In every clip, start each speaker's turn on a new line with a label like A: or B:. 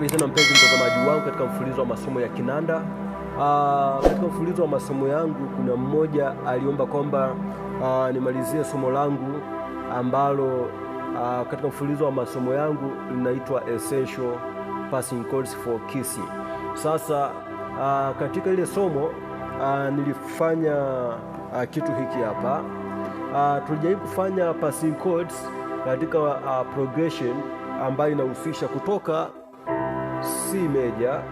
A: Karibu tena mpenzi mtazamaji wangu katika mfululizo wa masomo ya kinanda. Uh, katika mfululizo wa masomo yangu kuna mmoja aliomba kwamba uh, nimalizie somo langu ambalo uh, katika mfululizo wa masomo yangu linaitwa essential passing chords for kisi. Sasa uh, katika ile somo uh, nilifanya uh, kitu hiki hapa uh, tulijaribu kufanya passing chords katika uh, progression ambayo inahusisha kutoka C major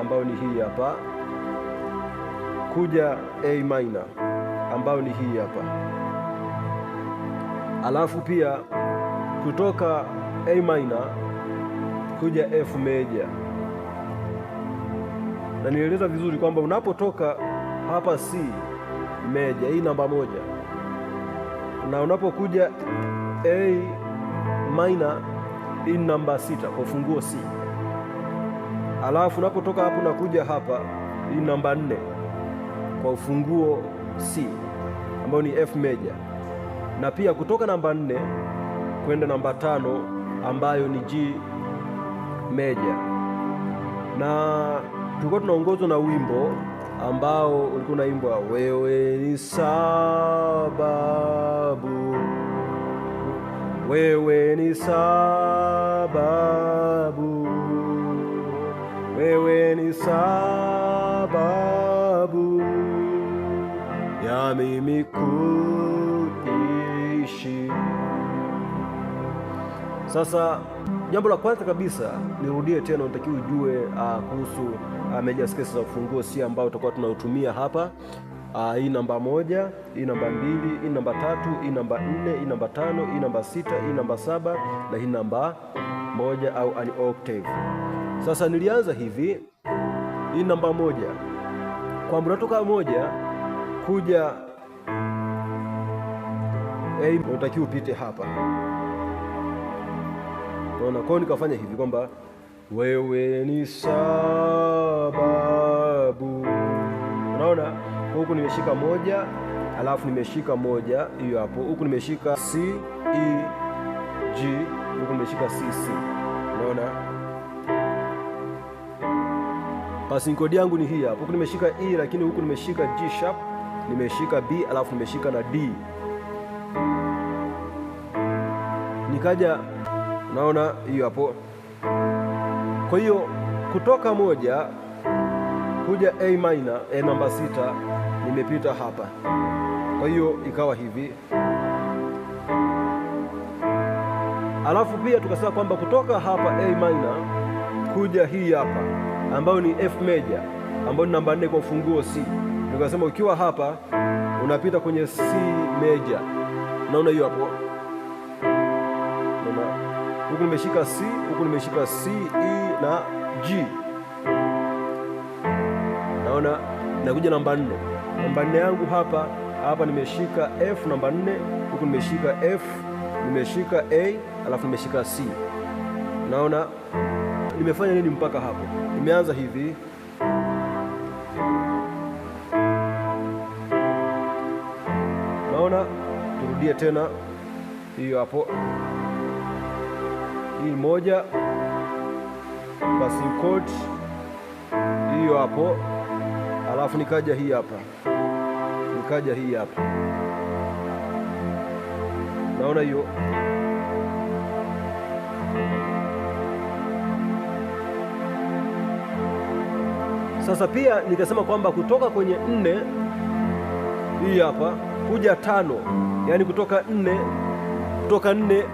A: ambayo ni hii hapa, kuja A minor ambayo ni hii hapa, alafu pia kutoka A minor kuja F meja. Na nieleza vizuri kwamba unapotoka hapa C meja, hii namba moja, na unapokuja A minor, hii namba sita kwa funguo C Alafu unapotoka hapo unakuja hapa, hii namba nne kwa ufunguo C ambayo ni F major, na pia kutoka namba nne kwenda namba tano ambayo ni G major, na tulikuwa tunaongozwa na wimbo ambao ulikuwa unaimbwa wewe ni sababu, wewe ni sababu wewe ni sababu ya mimi kuishi. Sasa jambo la kwanza kabisa nirudie tena, unatakiwa ujue uh, kuhusu uh, ah, meja skesi za ufunguo si ambao tutakuwa tunautumia hapa. Uh, hii namba moja, hii namba mbili, hii namba tatu, hii namba nne, hii namba tano, hii namba sita, hii namba saba na hii namba moja au an octave. Sasa nilianza hivi, hii namba moja, kwamba unatoka moja kuja hey, unatakiwa upite hapa. Unaona, kwao nikafanya hivi kwamba wewe ni sababu, unaona, huku nimeshika moja alafu nimeshika moja hiyo hapo, huku nimeshika C E G, huku nimeshika C C, unaona Passing code yangu ni hii hapa. Huku nimeshika E lakini huku nimeshika G sharp, nimeshika B alafu nimeshika na D. Nikaja naona hiyo hapo. Kwa hiyo kutoka moja kuja A minor, A namba sita nimepita hapa. Kwa hiyo ikawa hivi. Alafu pia tukasema kwamba kutoka hapa A minor kuja hii hapa ambayo ni F major ambayo ni namba nne kwa ufunguo C. Nikasema ukiwa hapa unapita kwenye C major, naona hiyo hapo huku nimeshika C, huku nimeshika C, E na G. Naona nakuja namba 4. namba 4 yangu hapa hapa nimeshika F namba nne, huku nimeshika F, nimeshika A alafu nimeshika C. Naona nimefanya nini mpaka hapo. Nimeanza hivi naona, turudie tena hiyo hapo. Hii moja basi chord hiyo hapo, alafu nikaja hii hapa, nikaja hii hapa, naona hiyo Sasa pia nikasema kwamba kutoka kwenye nne hii hapa kuja tano, yaani kutoka nne kutoka nne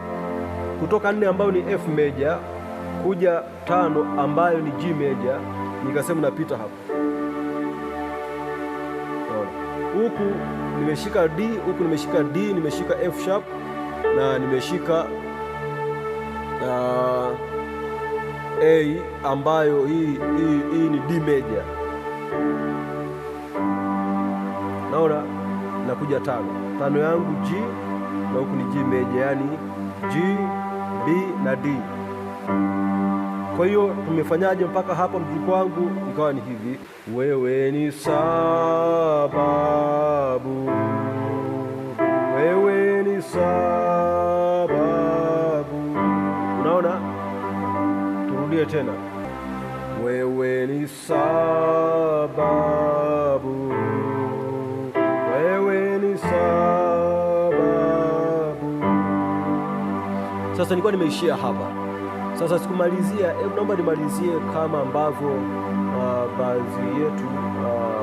A: kutoka nne ambayo ni F meja kuja tano ambayo ni G meja, nikasema napita hapa huku nimeshika D, huku nimeshika D, nimeshika F sharp na nimeshika uh, A ambayo hii, hii, hii ni D major. Naona nakuja tano tano yangu G na huku ni G major, yani G, B na D. Kwa hiyo tumefanyaje mpaka hapa? Mziki wangu ikawa ni hivi, wewe ni sababu, wewe ni sababu Turudie tena, wewe ni sababu, wewe ni sababu. Sasa nilikuwa nimeishia hapa, sasa sikumalizia. Hebu naomba nimalizie kama ambavyo uh, baadhi yetu ah,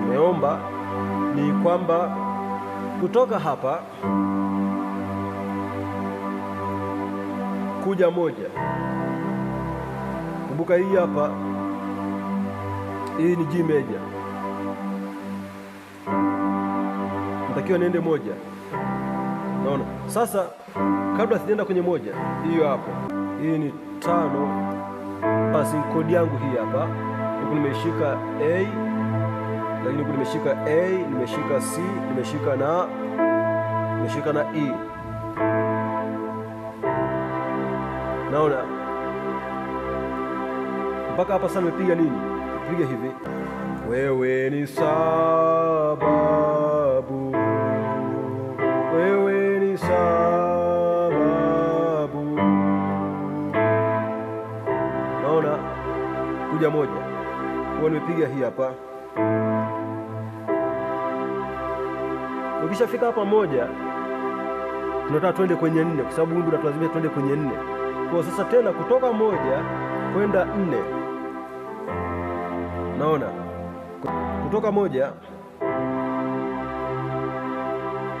A: tumeomba. Uh, ni kwamba kutoka hapa kuja moja Kumbuka hii hapa, hii ni G major, natakiwa niende moja. Naona sasa, kabla sijaenda kwenye moja, hiyo hapo, hii ni tano, basi kodi yangu hii hapa, huku nimeshika A, lakini huku nimeshika A, nimeshika C, nimeshika na nimeshika na E. Naona mpaka hapa. Sasa nimepiga nini? Piga hivi, wewe ni sababu, wewe ni sababu. Naona kuja moja kwa, nimepiga hii hapa. Ukishafika hapa moja, tunataka twende kwenye nne, kwa sababu wimbo unatulazimia twende kwenye nne. Kwa sasa tena kutoka moja kwenda nne. Unaona, kutoka moja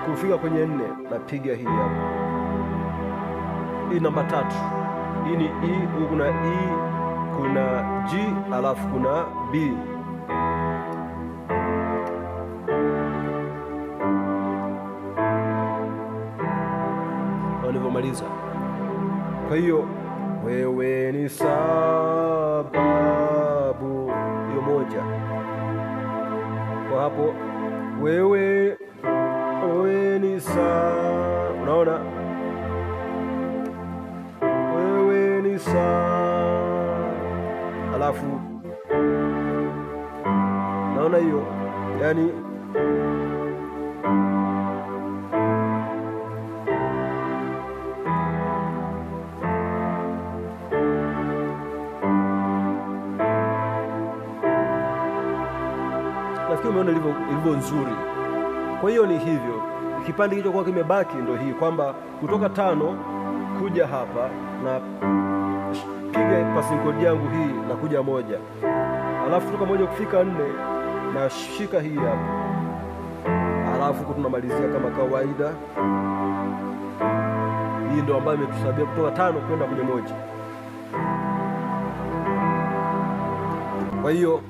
A: kufika kwenye nne, napiga hii hapa, hii namba tatu. Hii ni E, huku kuna E, kuna G alafu kuna B. Unavyomaliza, kwa hiyo wewe ni sawa wewe wewe ni saa, unaona wewe ni saa, alafu naona hiyo yani nyimbo nzuri. Kwa hiyo ni hivyo, kipande kilichokuwa kimebaki ndio hii kwamba kutoka tano kuja hapa na piga passing chord yangu hii na kuja moja, alafu kutoka moja kufika nne na shika hii hapa, alafu tunamalizia kama kawaida. Hii ndio ambayo imetusabia kutoka tano kwenda kwenye moja. Kwa hiyo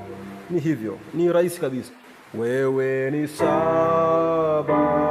A: ni hivyo, ni rahisi kabisa. Wewe ni saba